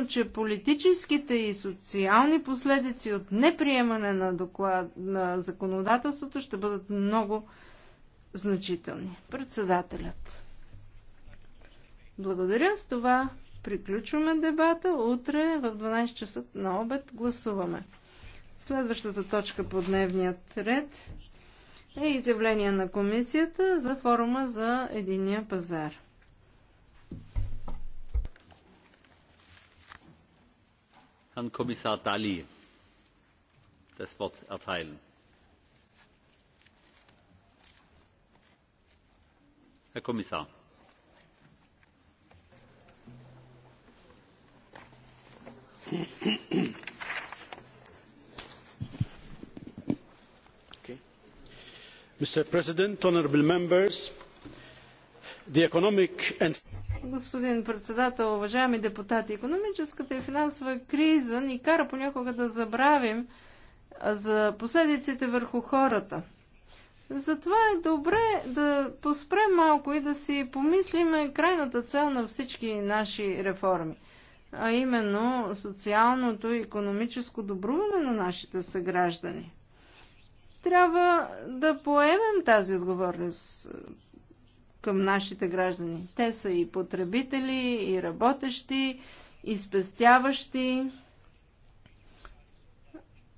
ясно, че политическите и социални последици от неприемане на, доклад, на законодателството ще бъдат много значителни. Председателят. Благодаря. С това приключваме дебата. Утре в 12 часа на обед гласуваме. Следващата точка по дневният ред е изявление на комисията за форума за единия пазар. herrn kommissar dalli das wort erteilen. herr kommissar! mr president honourable members the economic and Господин председател, уважаеми депутати, економическата и финансова криза ни кара понякога да забравим за последиците върху хората. Затова е добре да поспрем малко и да си помислим крайната цел на всички наши реформи, а именно социалното и економическо добруване на нашите съграждани. Трябва да поемем тази отговорност към нашите граждани. Те са и потребители, и работещи, и спестяващи,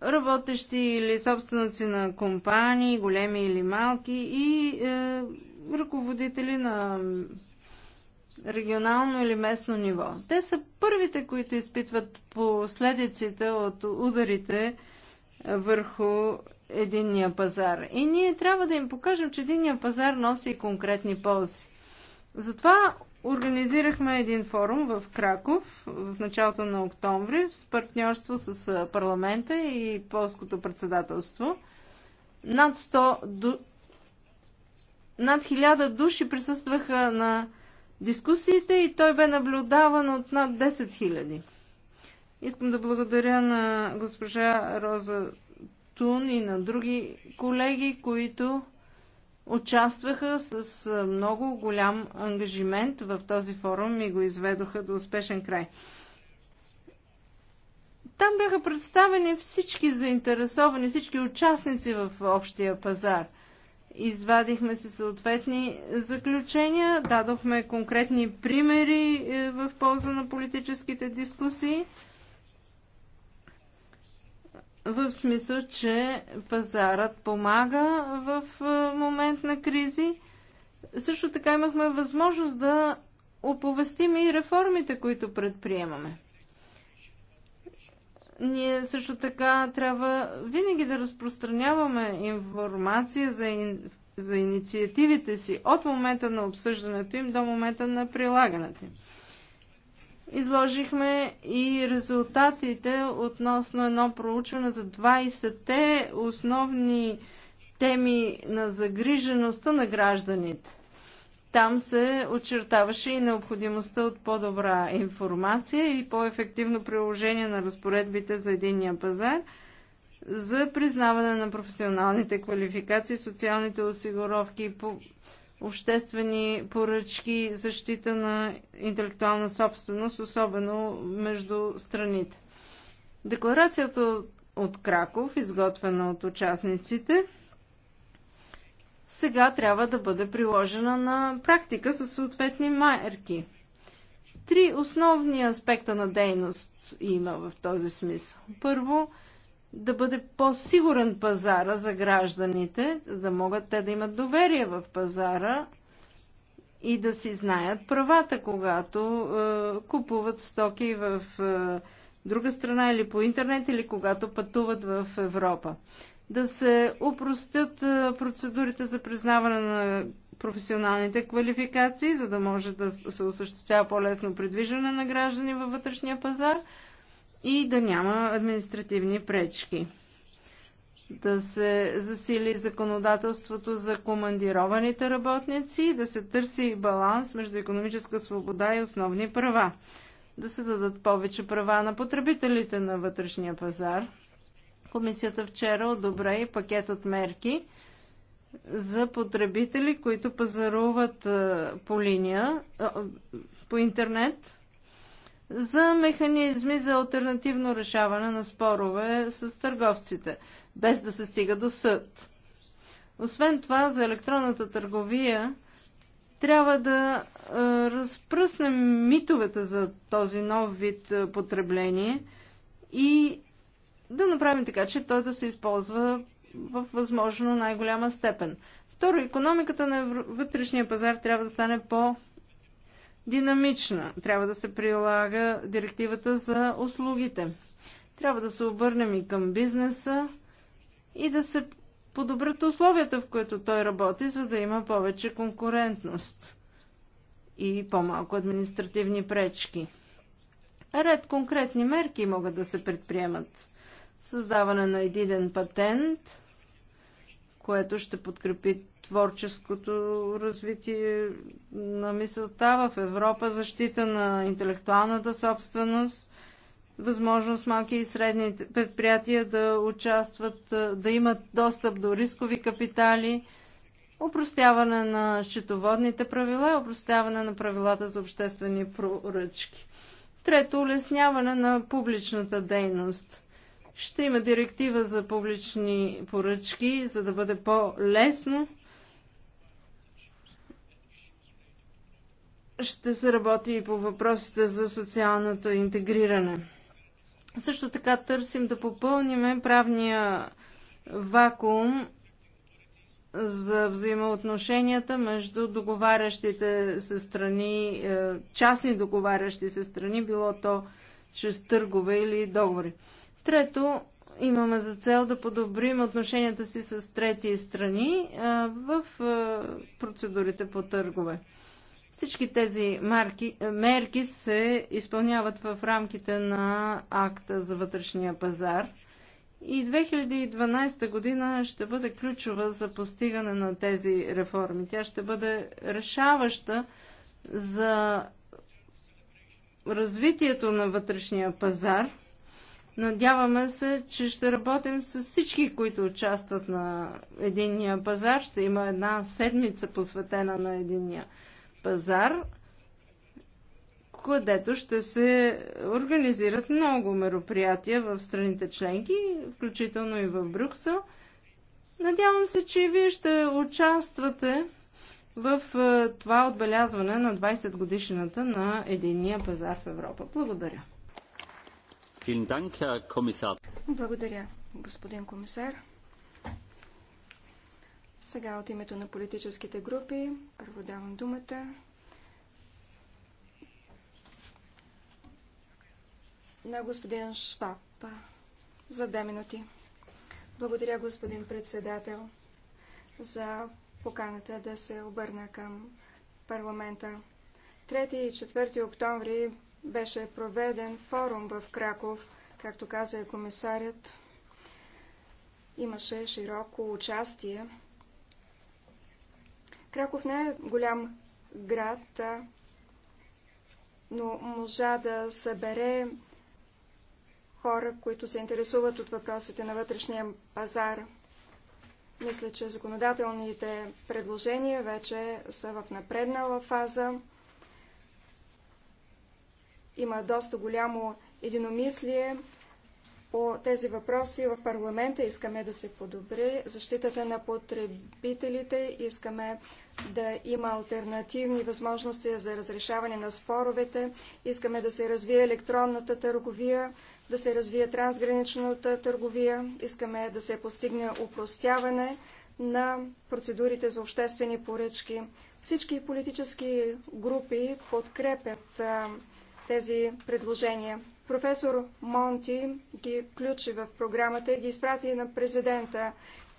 работещи или собственици на компании, големи или малки, и е, ръководители на регионално или местно ниво. Те са първите, които изпитват последиците от ударите върху е, единния пазар. И ние трябва да им покажем, че единния пазар носи конкретни ползи. Затова организирахме един форум в Краков в началото на октомври с партньорство с парламента и полското председателство. Над 100 до... над 1000 души присъстваха на дискусиите и той бе наблюдаван от над 10 000. Искам да благодаря на госпожа Роза Тун и на други колеги, които участваха с много голям ангажимент в този форум и го изведоха до успешен край. Там бяха представени всички заинтересовани, всички участници в общия пазар. Извадихме си съответни заключения, дадохме конкретни примери е, в полза на политическите дискусии в смисъл, че пазарът помага в момент на кризи. Също така имахме възможност да оповестим и реформите, които предприемаме. Ние също така трябва винаги да разпространяваме информация за, ин, за инициативите си от момента на обсъждането им до момента на прилагането им изложихме и резултатите относно едно проучване за 20-те основни теми на загрижеността на гражданите. Там се очертаваше и необходимостта от по-добра информация и по-ефективно приложение на разпоредбите за единния пазар за признаване на професионалните квалификации, социалните осигуровки и по обществени поръчки, защита на интелектуална собственост, особено между страните. Декларацията от Краков, изготвена от участниците, сега трябва да бъде приложена на практика със съответни мерки. Три основни аспекта на дейност има в този смисъл. Първо, да бъде по-сигурен пазара за гражданите, за да могат те да имат доверие в пазара и да си знаят правата, когато е, купуват стоки в е, друга страна или по интернет, или когато пътуват в Европа. Да се упростят е, процедурите за признаване на професионалните квалификации, за да може да се осъществява по-лесно придвижване на граждани във вътрешния пазар – и да няма административни пречки. Да се засили законодателството за командированите работници и да се търси баланс между економическа свобода и основни права. Да се дадат повече права на потребителите на вътрешния пазар. Комисията вчера одобря и пакет от мерки за потребители, които пазаруват е, по линия, е, по интернет, за механизми за альтернативно решаване на спорове с търговците, без да се стига до съд. Освен това, за електронната търговия трябва да е, разпръснем митовете за този нов вид е, потребление и да направим така, че той да се използва в възможно най-голяма степен. Второ, економиката на вътрешния пазар трябва да стане по- динамична. Трябва да се прилага директивата за услугите. Трябва да се обърнем и към бизнеса и да се подобрят условията, в които той работи, за да има повече конкурентност и по-малко административни пречки. Ред конкретни мерки могат да се предприемат. Създаване на единен патент – което ще подкрепи творческото развитие на мисълта в Европа, защита на интелектуалната собственост, възможност малки и средни предприятия да участват, да имат достъп до рискови капитали, упростяване на счетоводните правила и упростяване на правилата за обществени поръчки. Трето, улесняване на публичната дейност – ще има директива за публични поръчки, за да бъде по-лесно. Ще се работи и по въпросите за социалното интегриране. Също така търсим да попълним правния вакуум за взаимоотношенията между договарящите се страни, е, частни договарящи се страни, било то чрез търгове или договори. Трето, имаме за цел да подобрим отношенията си с трети страни в процедурите по търгове. Всички тези марки, мерки се изпълняват в рамките на акта за вътрешния пазар и 2012 година ще бъде ключова за постигане на тези реформи. Тя ще бъде решаваща за развитието на вътрешния пазар – Надяваме се, че ще работим с всички, които участват на единния пазар. Ще има една седмица посветена на единния пазар, където ще се организират много мероприятия в страните членки, включително и в Брюксел. Надявам се, че и вие ще участвате в е, това отбелязване на 20 годишната на единния пазар в Европа. Благодаря. Благодаря, господин комисар. Сега от името на политическите групи първо давам думата на господин Шваб за две минути. Благодаря, господин председател, за поканата да се обърна към парламента. 3 и 4 октомври беше проведен форум в Краков, както каза и комисарят. Имаше широко участие. Краков не е голям град, но можа да събере хора, които се интересуват от въпросите на вътрешния пазар. Мисля, че законодателните предложения вече са в напреднала фаза. Има доста голямо единомислие по тези въпроси в парламента. Искаме да се подобри защитата на потребителите, искаме да има альтернативни възможности за разрешаване на споровете, искаме да се развие електронната търговия, да се развие трансграничната търговия, искаме да се постигне упростяване на процедурите за обществени поръчки. Всички политически групи подкрепят тези предложения. Професор Монти ги включи в програмата и ги изпрати на президента,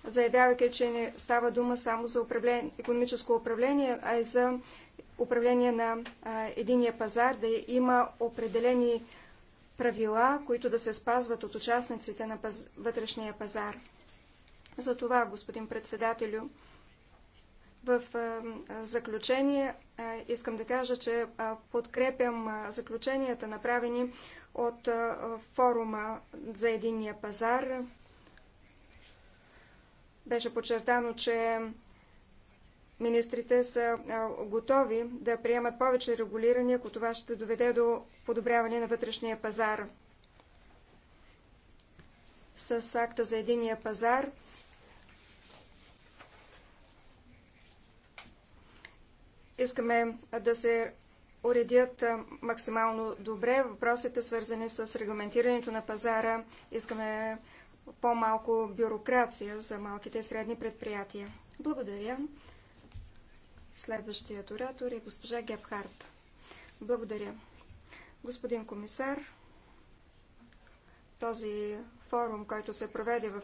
заявявайки, че не става дума само за управление, економическо управление, а и за управление на а, единия пазар, да има определени правила, които да се спазват от участниците на паз... вътрешния пазар. Затова, господин председателю, в заключение искам да кажа, че подкрепям заключенията, направени от форума за единния пазар. Беше подчертано, че министрите са готови да приемат повече регулиране, ако това ще доведе до подобряване на вътрешния пазар. С акта за единия пазар – Искаме да се уредят максимално добре въпросите, свързани с регламентирането на пазара. Искаме по-малко бюрокрация за малките и средни предприятия. Благодаря. Следващият оратор е госпожа Гепхарт. Благодаря. Господин комисар, този форум, който се проведе в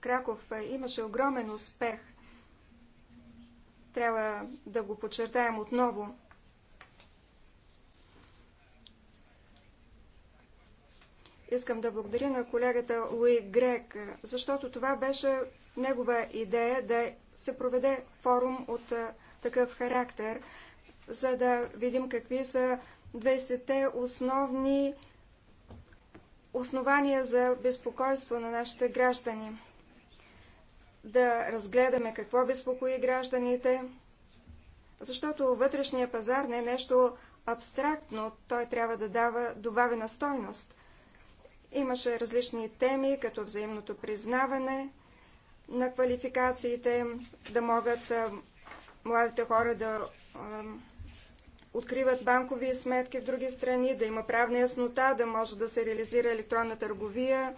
Краков, имаше огромен успех – трябва да го подчертаем отново. Искам да благодаря на колегата Луи Грек, защото това беше негова идея да се проведе форум от такъв характер, за да видим какви са 20-те основни основания за безпокойство на нашите граждани да разгледаме какво безпокои гражданите, защото вътрешния пазар не е нещо абстрактно, той трябва да дава добавена стойност. Имаше различни теми, като взаимното признаване на квалификациите, да могат младите хора да откриват банкови сметки в други страни, да има правна яснота, да може да се реализира електронна търговия,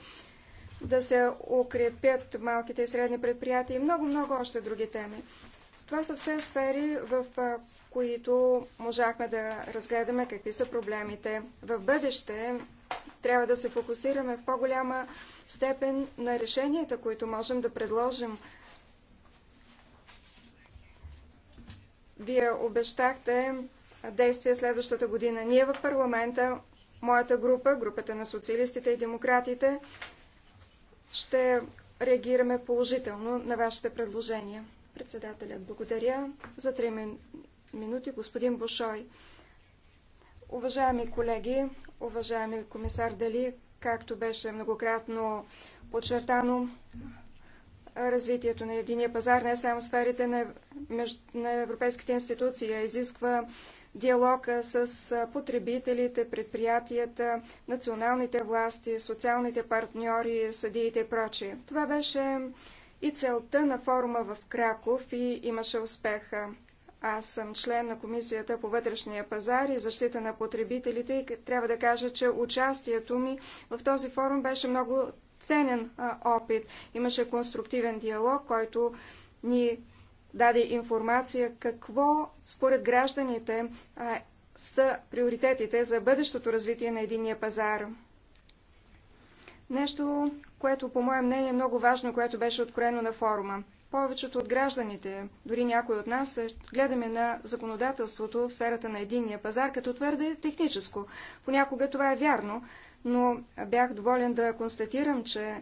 да се укрепят малките и средни предприятия и много-много още други теми. Това са все сфери, в които можахме да разгледаме какви са проблемите. В бъдеще трябва да се фокусираме в по-голяма степен на решенията, които можем да предложим. Вие обещахте действия следващата година. Ние в парламента, моята група, групата на социалистите и демократите, ще реагираме положително на вашите предложения. Председателят, благодаря. За три мин... минути господин Бошой. Уважаеми колеги, уважаеми комисар Дали, както беше многократно подчертано, развитието на единия пазар не е само сферите на, меж... на европейските институции, а изисква диалог с потребителите, предприятията, националните власти, социалните партньори, съдиите и прочие. Това беше и целта на форума в Краков и имаше успеха. Аз съм член на Комисията по вътрешния пазар и защита на потребителите и трябва да кажа, че участието ми в този форум беше много ценен опит. Имаше конструктивен диалог, който ни даде информация какво според гражданите а, са приоритетите за бъдещото развитие на единния пазар. Нещо, което по мое мнение е много важно, което беше откроено на форума. Повечето от гражданите, дори някои от нас, е, гледаме на законодателството в сферата на единния пазар като твърде техническо. Понякога това е вярно, но бях доволен да констатирам, че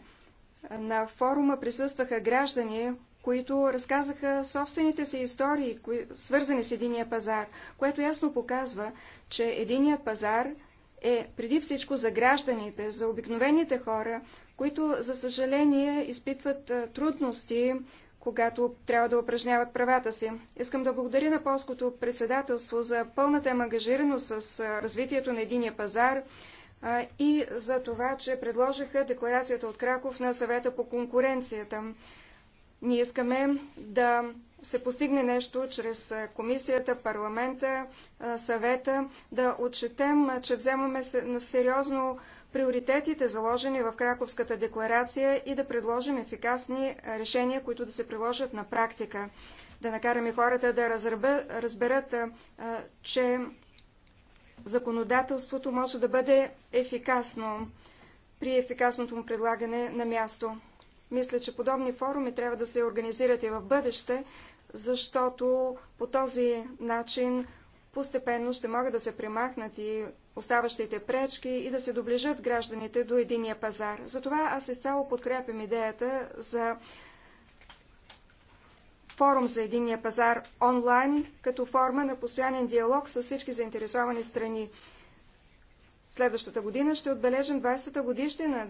на форума присъстваха граждани които разказаха собствените си истории, свързани с единия пазар, което ясно показва, че единият пазар е преди всичко за гражданите, за обикновените хора, които, за съжаление, изпитват трудности, когато трябва да упражняват правата си. Искам да благодаря на полското председателство за пълната им ангажираност с развитието на единия пазар и за това, че предложиха декларацията от Краков на съвета по конкуренцията. Ние искаме да се постигне нещо чрез комисията, парламента, съвета, да отчетем, че вземаме на сериозно приоритетите, заложени в Краковската декларация и да предложим ефикасни решения, които да се приложат на практика. Да накараме хората да разберат, че законодателството може да бъде ефикасно при ефикасното му предлагане на място. Мисля, че подобни форуми трябва да се организират и в бъдеще, защото по този начин постепенно ще могат да се примахнат и оставащите пречки и да се доближат гражданите до единия пазар. Затова аз изцяло подкрепям идеята за форум за единия пазар онлайн като форма на постоянен диалог с всички заинтересовани страни. Следващата година ще отбележим 20-та годишнина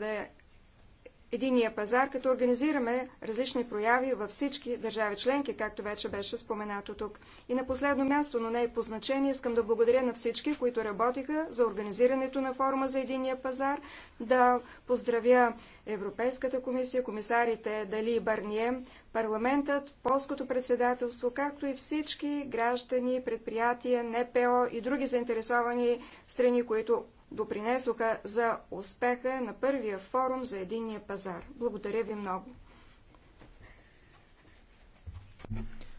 единия пазар, като организираме различни прояви във всички държави членки, както вече беше споменато тук. И на последно място, но не и е по значение, искам да благодаря на всички, които работиха за организирането на форума за единия пазар, да поздравя Европейската комисия, комисарите Дали и Барние, парламентът, полското председателство, както и всички граждани, предприятия, НПО и други заинтересовани страни, които допринесоха за успеха на първия форум за единния пазар. Благодаря ви много.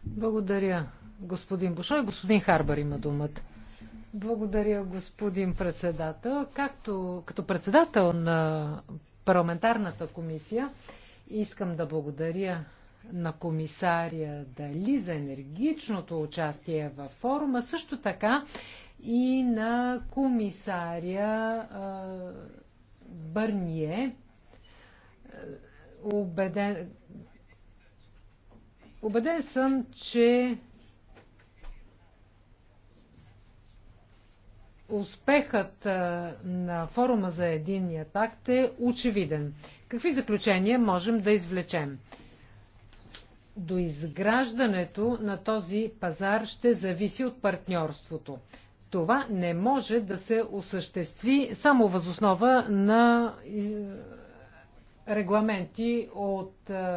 Благодаря, господин и Господин Харбър има думата. Благодаря, господин председател. Както като председател на парламентарната комисия, искам да благодаря на комисаря Дали за енергичното участие във форума, също така и на комисаря Бърние. Е, убеден, убеден съм, че успехът на форума за единния такт е очевиден. Какви заключения можем да извлечем? До изграждането на този пазар ще зависи от партньорството. Това не може да се осъществи само възоснова на регламенти от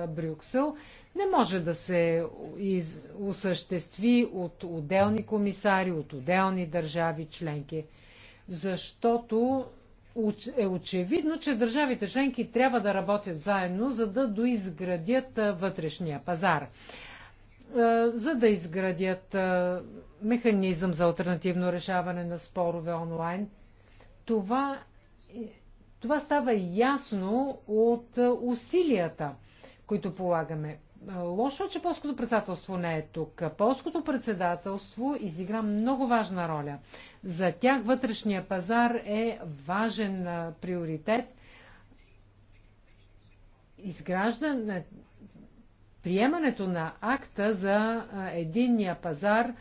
Брюксел. Не може да се из... осъществи от отделни комисари, от отделни държави членки, защото е очевидно, че държавите членки трябва да работят заедно, за да доизградят вътрешния пазар, за да изградят механизъм за альтернативно решаване на спорове онлайн. Това, е, това става ясно от е, усилията, които полагаме. Е, лошо е, че полското председателство не е тук. Полското председателство изигра много важна роля. За тях вътрешния пазар е важен приоритет. Изграждане, приемането на акта за единния пазар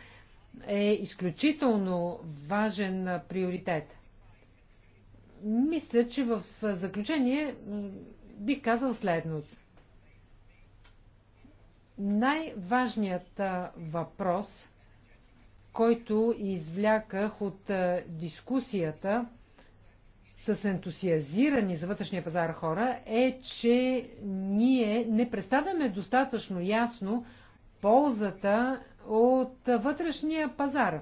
е изключително важен приоритет. Мисля, че в заключение бих казал следното. Най-важният въпрос, който извляках от дискусията с ентусиазирани за вътрешния пазар хора, е, че ние не представяме достатъчно ясно ползата от вътрешния пазар.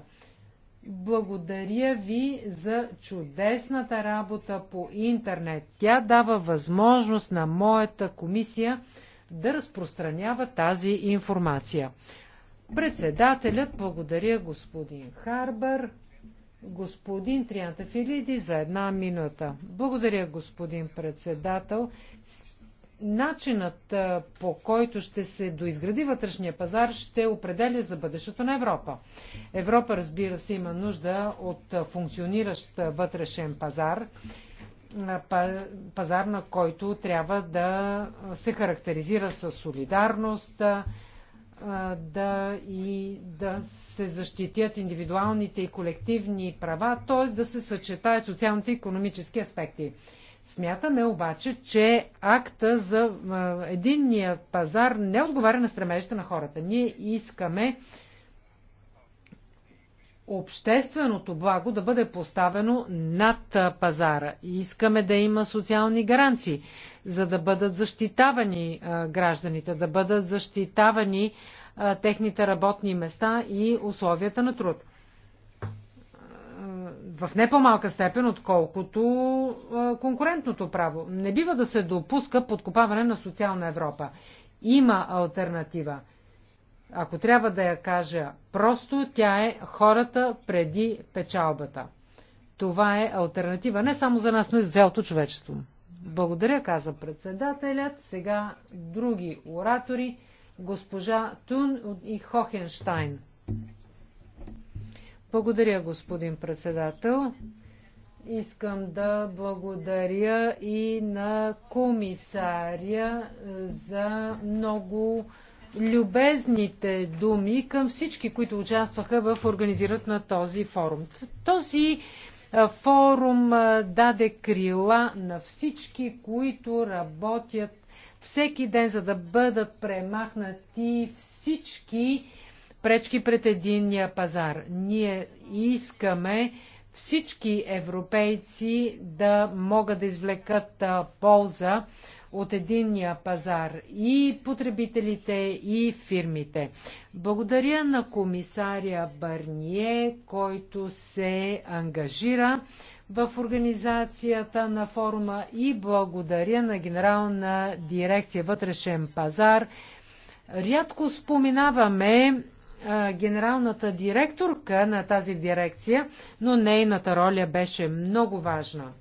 Благодаря ви за чудесната работа по интернет. Тя дава възможност на моята комисия да разпространява тази информация. Председателят благодаря господин Харбър, господин Трианта Филиди, за една минута. Благодаря господин председател начинът по който ще се доизгради вътрешния пазар ще определя за бъдещето на Европа. Европа, разбира се, има нужда от функциониращ вътрешен пазар, пазар на който трябва да се характеризира с солидарност, да и да се защитят индивидуалните и колективни права, т.е. да се съчетаят социалните и економически аспекти. Смятаме обаче, че акта за единния пазар не отговаря на стремежите на хората. Ние искаме общественото благо да бъде поставено над пазара. искаме да има социални гаранции, за да бъдат защитавани гражданите, да бъдат защитавани техните работни места и условията на труд в не по-малка степен, отколкото конкурентното право. Не бива да се допуска подкопаване на социална Европа. Има альтернатива. Ако трябва да я кажа просто, тя е хората преди печалбата. Това е альтернатива не само за нас, но и за цялото човечество. Благодаря, каза председателят. Сега други оратори. Госпожа Тун и Хохенштайн. Благодаря, господин председател. Искам да благодаря и на комисаря за много любезните думи към всички, които участваха в организирането на този форум. Този форум даде крила на всички, които работят всеки ден, за да бъдат премахнати всички пречки пред единния пазар. Ние искаме всички европейци да могат да извлекат полза от единния пазар и потребителите, и фирмите. Благодаря на комисаря Барние, който се ангажира в организацията на форума и благодаря на Генерална дирекция вътрешен пазар. Рядко споменаваме генералната директорка на тази дирекция, но нейната роля беше много важна.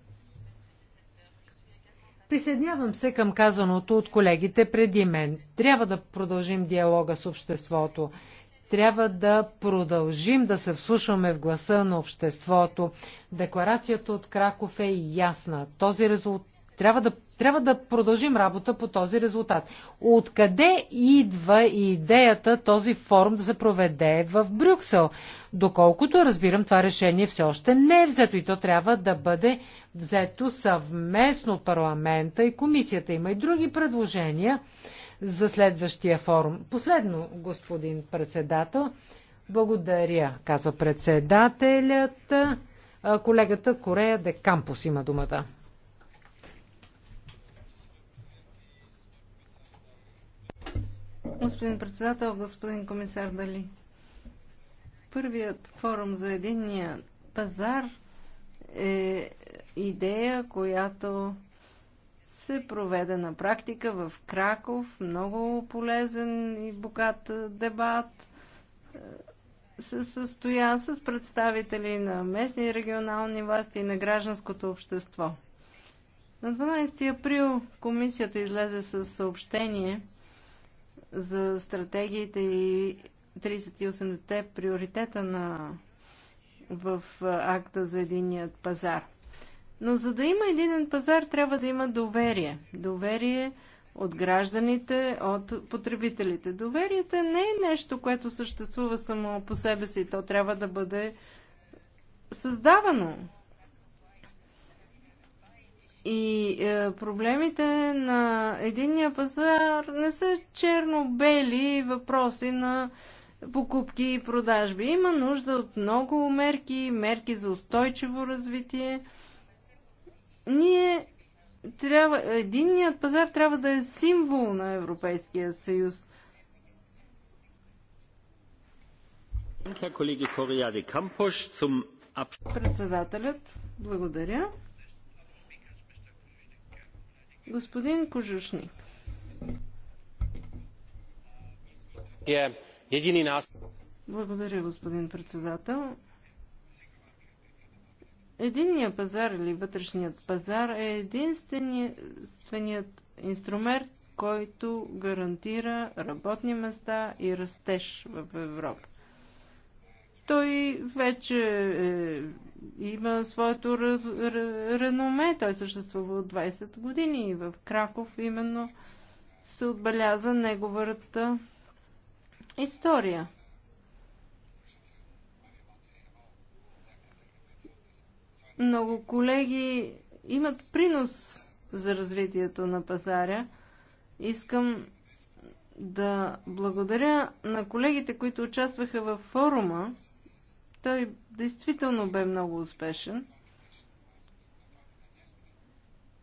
Присъединявам се към казаното от колегите преди мен. Трябва да продължим диалога с обществото. Трябва да продължим да се вслушваме в гласа на обществото. Декларацията от Краков е ясна. Този резултат трябва да трябва да продължим работа по този резултат. Откъде идва идеята този форум да се проведе в Брюксел? Доколкото разбирам, това решение все още не е взето и то трябва да бъде взето съвместно от парламента и комисията. Има и други предложения за следващия форум. Последно, господин председател, благодаря, казва председателят. Колегата Корея де Кампус има думата. Господин председател, господин комисар Дали. Първият форум за единния пазар е идея, която се проведе на практика в Краков. Много полезен и богат дебат се състоя с представители на местни и регионални власти и на гражданското общество. На 12 април комисията излезе със съобщение – за стратегиите и 38-те приоритета на, в акта за единият пазар. Но за да има единен пазар, трябва да има доверие. Доверие от гражданите, от потребителите. Доверието не е нещо, което съществува само по себе си. То трябва да бъде създавано и е, проблемите на единния пазар не са черно-бели въпроси на покупки и продажби. Има нужда от много мерки, мерки за устойчиво развитие. Ние трябва, единният пазар трябва да е символ на Европейския съюз. Председателят, благодаря. Господин Кожушник. Е едини нас. Благодаря, господин председател. Единният пазар или вътрешният пазар е единственият инструмент, който гарантира работни места и растеж в Европа той вече е, има своето раз, реноме. Той съществува от 20 години и в Краков именно се отбеляза неговата история. Много колеги имат принос за развитието на пазаря. Искам да благодаря на колегите, които участваха във форума. Той действително бе много успешен.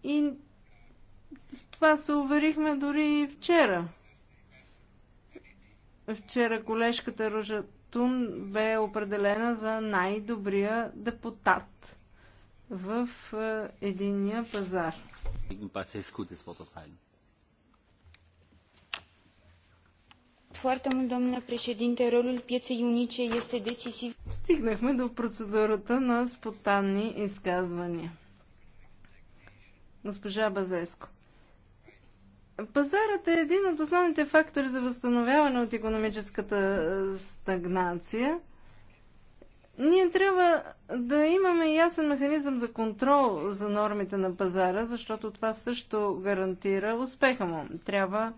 И това се уверихме дори и вчера. Вчера колежката Ружа Тун бе определена за най-добрия депутат в е, единния пазар. Пасеску, Rolul pieței unice este decisiv. Стигнахме до процедурата на спонтанни изказвания. Госпожа Базеско. Пазарът е един от основните фактори за възстановяване от економическата е, стагнация. Ние трябва да имаме ясен механизъм за контрол за нормите на пазара, защото това също гарантира успеха му. Трябва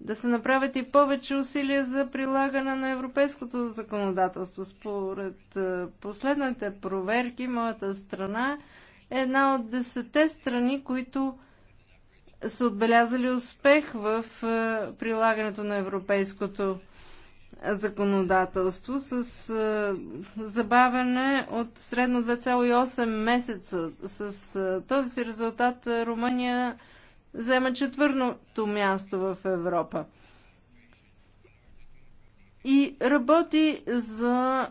да се направят и повече усилия за прилагане на европейското законодателство. Според е, последните проверки, моята страна е една от десете страни, които са отбелязали успех в е, прилагането на европейското законодателство с е, забавяне от средно 2,8 месеца. С този си резултат Румъния взема четвърното място в Европа. И работи за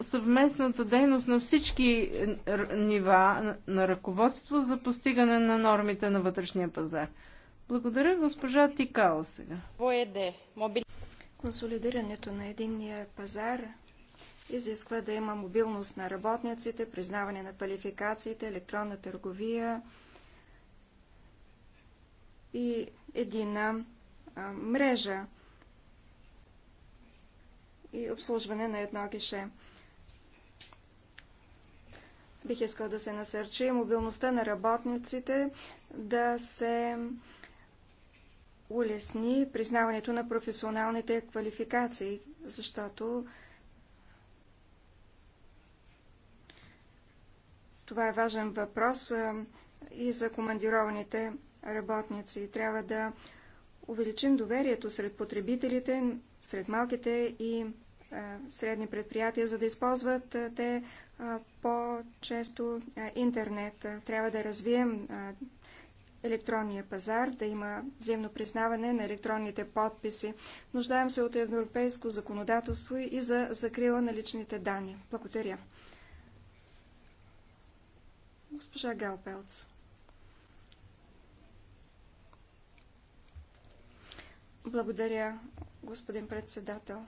съвместната дейност на всички нива на ръководство за постигане на нормите на вътрешния пазар. Благодаря, госпожа Тикао сега. Консолидирането на единния пазар изисква да има мобилност на работниците, признаване на квалификациите, електронна търговия, и едина мрежа и обслужване на едно гише. Бих искал да се насърчи мобилността на работниците, да се улесни признаването на професионалните квалификации, защото това е важен въпрос и за командированите работници. Трябва да увеличим доверието сред потребителите, сред малките и е, средни предприятия, за да използват е, те е, по-често интернет. Трябва да развием електронния пазар, да има взаимно признаване на електронните подписи. Нуждаем се от европейско законодателство и за закрила на личните данни. Благодаря. Госпожа Галпелц. Благодаря, господин председател.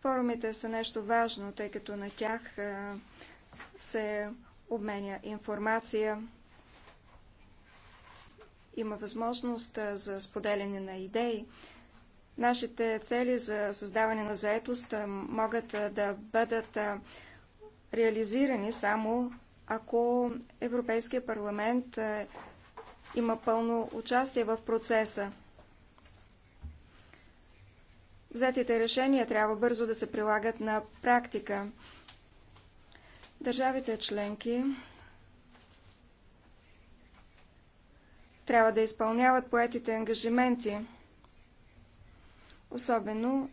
Форумите са нещо важно, тъй като на тях се обменя информация, има възможност за споделяне на идеи. Нашите цели за създаване на заетост могат да бъдат реализирани само ако Европейския парламент има пълно участие в процеса. Взетите решения трябва бързо да се прилагат на практика. Държавите членки трябва да изпълняват поетите ангажименти, особено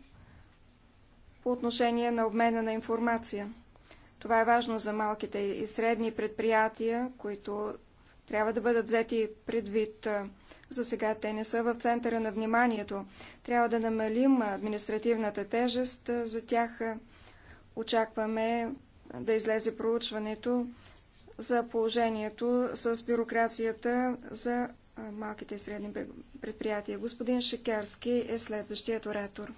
по отношение на обмена на информация. Това е важно за малките и средни предприятия, които трябва да бъдат взети предвид. За сега те не са в центъра на вниманието. Трябва да намалим административната тежест за тях. Очакваме да излезе проучването за положението с бюрокрацията за малките и средни предприятия. Господин Шекерски е следващият оратор.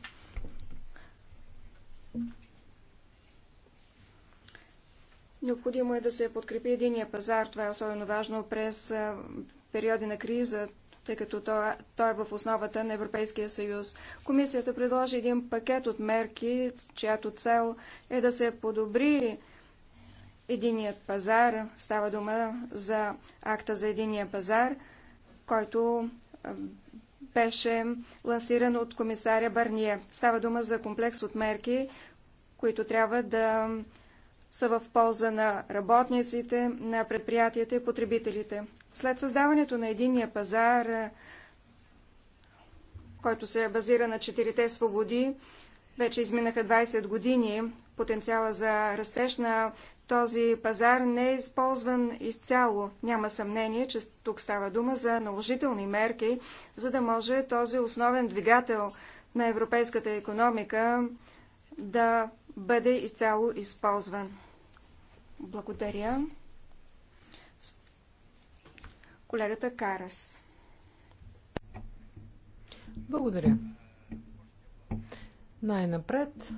Необходимо е да се подкрепи единия пазар. Това е особено важно през периоди на криза, тъй като той е в основата на Европейския съюз. Комисията предложи един пакет от мерки, чиято цел е да се подобри единият пазар. Става дума за акта за единия пазар, който беше лансиран от комисаря Барния. Става дума за комплекс от мерки, които трябва да са в полза на работниците, на предприятията и потребителите. След създаването на единния пазар, който се базира на четирите свободи, вече изминаха 20 години. Потенциала за растеж на този пазар не е използван изцяло. Няма съмнение, че тук става дума за наложителни мерки, за да може този основен двигател на европейската економика да бъде изцяло използван. Благодаря. Колегата Карас. Благодаря. Най-напред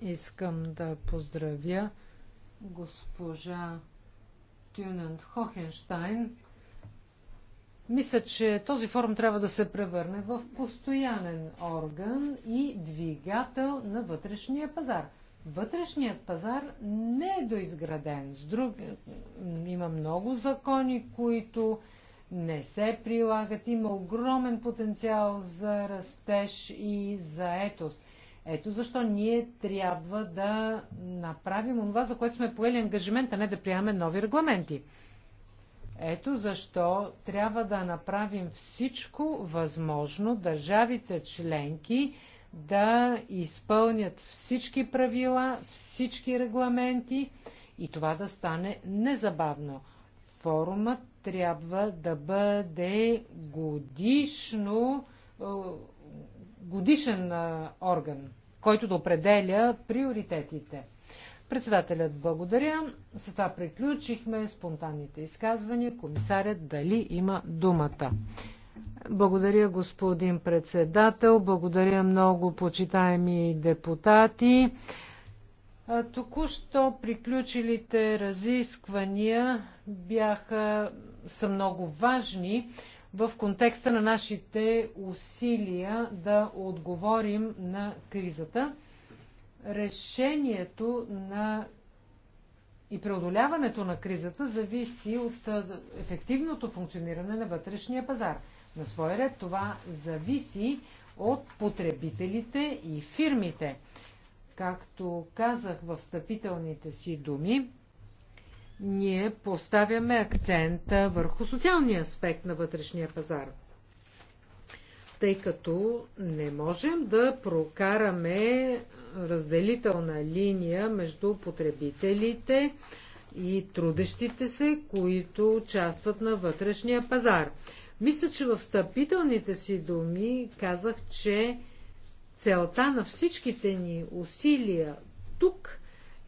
искам да поздравя госпожа Тюнен Хохенштайн мисля, че този форум трябва да се превърне в постоянен орган и двигател на вътрешния пазар. Вътрешният пазар не е доизграден. С друг... Има много закони, които не се прилагат. Има огромен потенциал за растеж и заетост. Ето защо ние трябва да направим това, за което сме поели ангажимента, не да приемаме нови регламенти. Ето защо трябва да направим всичко възможно държавите членки да изпълнят всички правила, всички регламенти и това да стане незабавно. Форумът трябва да бъде годишно, е, годишен е, орган, който да определя приоритетите. Председателят благодаря. С това приключихме спонтанните изказвания. Комисарят дали има думата. Благодаря, господин председател. Благодаря много, почитаеми депутати. Току-що приключилите разисквания бяха, са много важни в контекста на нашите усилия да отговорим на кризата решението на и преодоляването на кризата зависи от ефективното функциониране на вътрешния пазар. На своя ред това зависи от потребителите и фирмите. Както казах в встъпителните си думи, ние поставяме акцента върху социалния аспект на вътрешния пазар тъй като не можем да прокараме разделителна линия между потребителите и трудещите се, които участват на вътрешния пазар. Мисля, че в встъпителните си думи казах, че целта на всичките ни усилия тук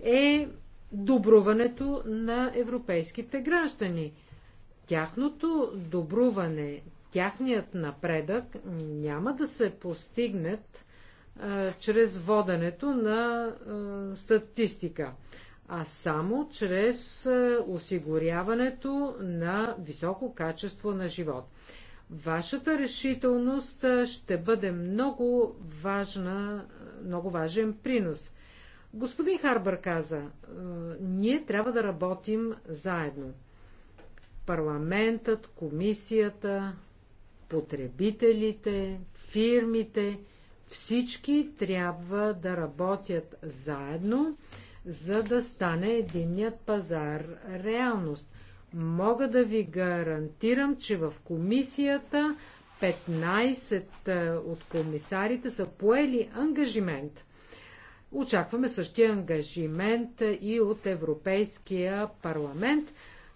е добруването на европейските граждани. Тяхното добруване, Тяхният напредък няма да се постигнат а, чрез воденето на а, статистика, а само чрез а, осигуряването на високо качество на живот. Вашата решителност ще бъде много, важна, много важен принос. Господин Харбър каза, ние трябва да работим заедно. Парламентът, комисията, потребителите, фирмите, всички трябва да работят заедно, за да стане единният пазар реалност. Мога да ви гарантирам, че в комисията 15 е, от комисарите са поели ангажимент. Очакваме същия ангажимент е, и от Европейския парламент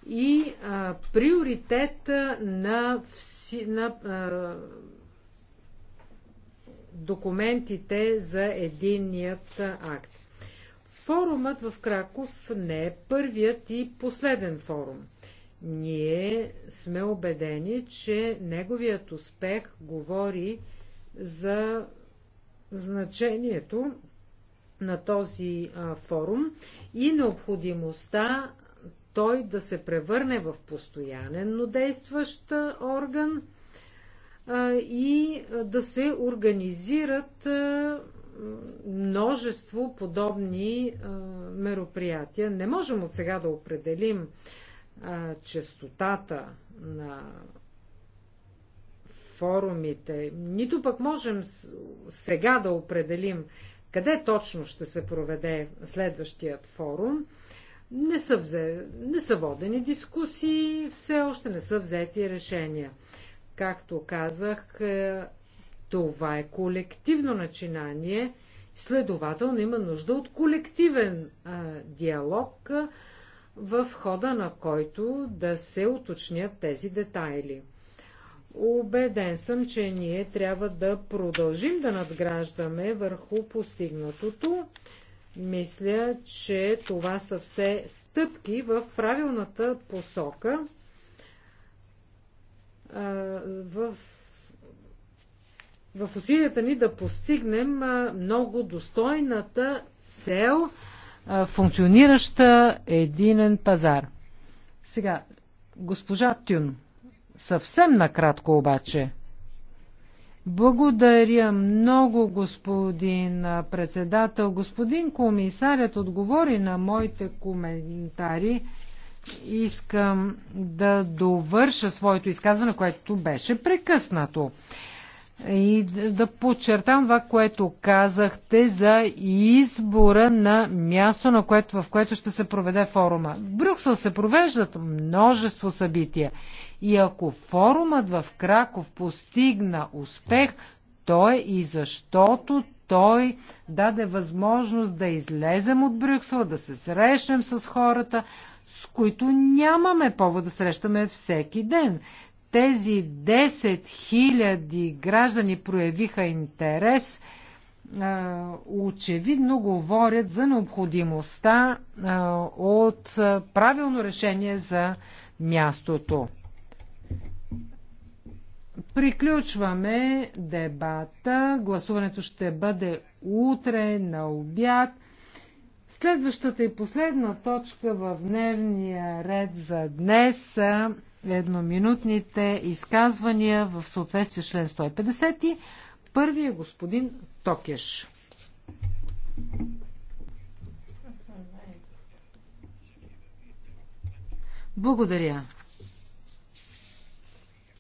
и а, приоритет на, вси, на а, документите за единният акт. Форумът в Краков не е първият и последен форум. Ние сме убедени, че неговият успех говори за значението на този а, форум и необходимостта той да се превърне в постоянен, но действащ орган и да се организират множество подобни мероприятия. Не можем от сега да определим честотата на форумите, нито пък можем сега да определим къде точно ще се проведе следващият форум, не са, взе, не са водени дискусии, все още не са взети решения. Както казах, е, това е колективно начинание, следователно има нужда от колективен а, диалог, в хода на който да се уточнят тези детайли. Обеден съм, че ние трябва да продължим да надграждаме върху постигнатото мисля, че това са все стъпки в правилната посока. В в усилията ни да постигнем много достойната цел функционираща единен пазар. Сега, госпожа Тюн, съвсем накратко обаче – благодаря много, господин председател. Господин комисарят отговори на моите коментари. Искам да довърша своето изказване, което беше прекъснато и да подчертам това, което казахте за избора на място, на което, в което ще се проведе форума. В Брюксел се провеждат множество събития и ако форумът в Краков постигна успех, той е и защото той даде възможност да излезем от Брюксел, да се срещнем с хората, с които нямаме повод да срещаме всеки ден тези 10 000 граждани проявиха интерес, очевидно говорят за необходимостта от правилно решение за мястото. Приключваме дебата. Гласуването ще бъде утре на обяд. Следващата и последна точка в дневния ред за днес са едноминутните изказвания в съответствие с член 150. Първи е господин Токеш. Благодаря.